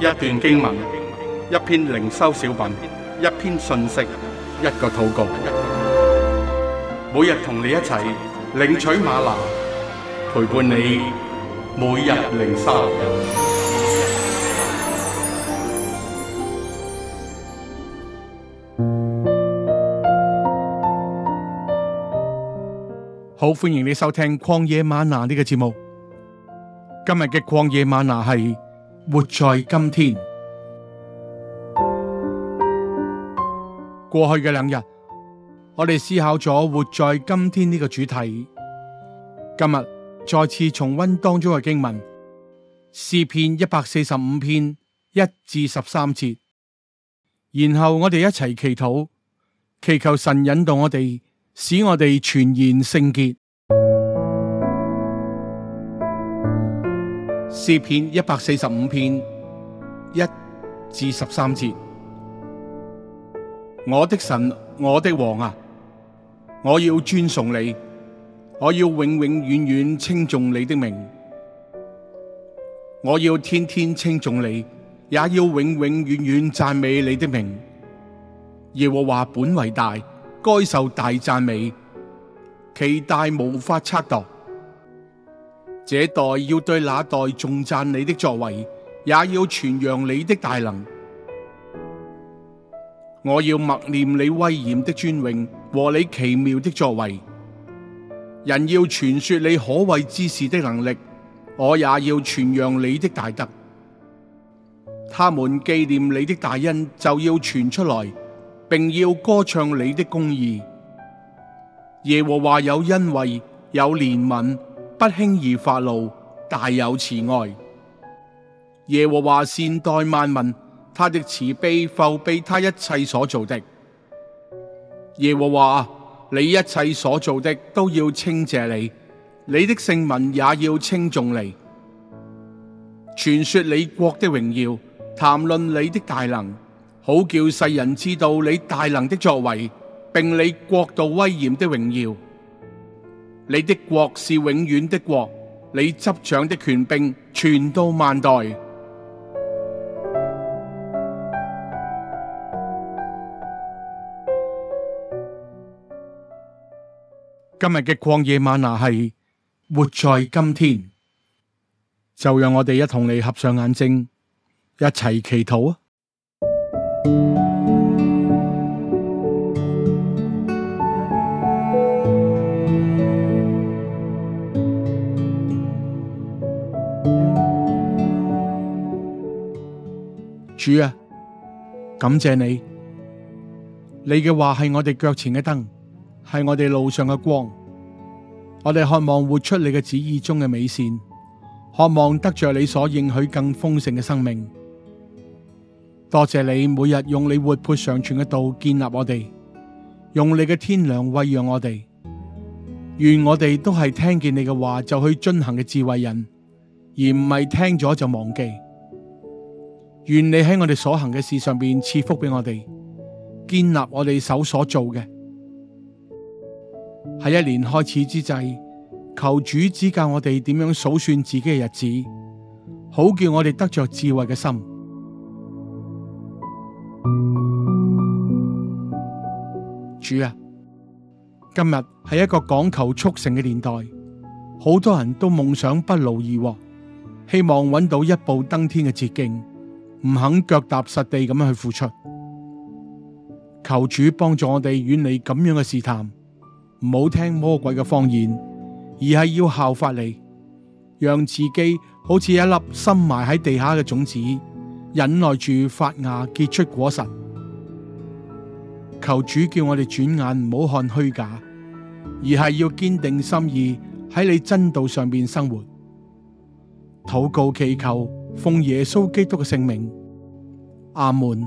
一段經文，一篇靈修小品，一篇信息，一個禱告。每日同你一齊領取嗎哪，陪伴你每日靈修。好，歡迎你收聽《曠野嗎哪》呢個節目。今日嘅《曠野嗎哪》係。活在今天，過去嘅兩日，我哋思考咗活在今天呢個主題。今日再次重温當中嘅經文，詩篇一百四十五篇一至十三節，然後我哋一齊祈禱，祈求神引導我哋，使我哋全然聖潔。詩篇一百四十五篇一至十三節。我的神，我的王啊！我要尊崇你，我要永永遠遠稱頌你的名。我要天天稱頌你，也要永永遠遠讚美你的名。耶和華本為大，該受大讚美，其大無法測度。這代要對那代頌讚你的作為，也要傳揚你的大能。我要默念你威嚴的尊榮和你奇妙的作為。人要傳說你可畏之事的能力，我也要傳揚你的大德。他們紀念你的大恩，就要傳出來，並要歌唱你的公義。耶和華有恩惠，有憐憫。不輕易發怒，大有慈愛。耶和華善待萬民，他的慈悲覆庇他一切所做的。耶和華，你一切所做的都要稱謝你，你的聖民也要稱頌你。傳說你國的榮耀，談論你的大能，好叫世人知道你大能的作為，並你國度威嚴的榮耀。你的國是永遠的國，你執掌的權柄傳到萬代。今日嘅曠野嗎哪係活在今天，就讓我哋一同你合上眼睛，一齊祈禱啊！主啊，感謝你，你嘅話係我哋腳前嘅燈，係我哋路上嘅光。我哋渴望活出你嘅旨意中嘅美善，渴望得着你所應許更豐盛嘅生命。多謝你每日用你活潑常存嘅道建立我哋，用你嘅天糧喂養我哋。願我哋都係聽見你嘅話就去遵行嘅智慧人，而唔係聽咗就忘記。願你喺我哋所行嘅事上邊賜福俾我哋，建立我哋手所做嘅。喺一年開始之際，求主指教我哋點樣數算自己嘅日子，好叫我哋得着智慧嘅心。主啊，今日係一個講求速成嘅年代，好多人都夢想不勞而獲，希望揾到一步登天嘅捷徑。唔肯腳踏實地咁樣去付出，求主幫助我哋遠離咁樣嘅試探，唔好聽魔鬼嘅謊言，而係要效法你，讓自己好似一粒深埋喺地下嘅種子，忍耐住發芽結出果實。求主叫我哋轉眼唔好看虛假，而係要堅定心意喺你真道上面生活。禱告祈求。奉耶穌基督嘅聖名，阿門。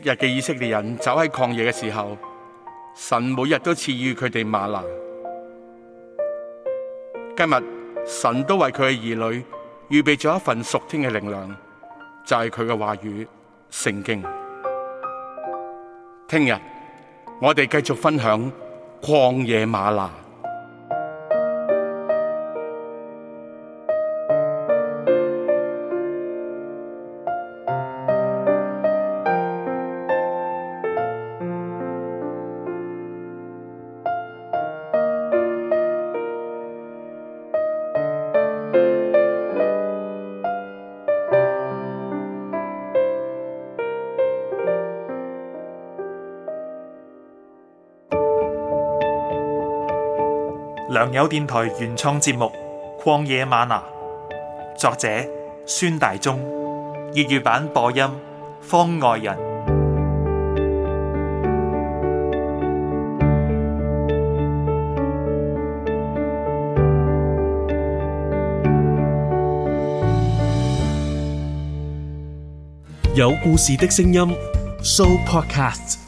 昔日嘅以色列人走喺曠野嘅時候，神每日都賜予佢哋嗎哪。今日神都為佢嘅兒女預備咗一份屬天嘅靈糧，就係佢嘅話語聖經。聽日我哋繼續分享曠野嗎哪。良友電台原創節目《曠野嗎哪》，作者孫大中，粵語版播音方外人。有故事的聲音，ShowPodcasts。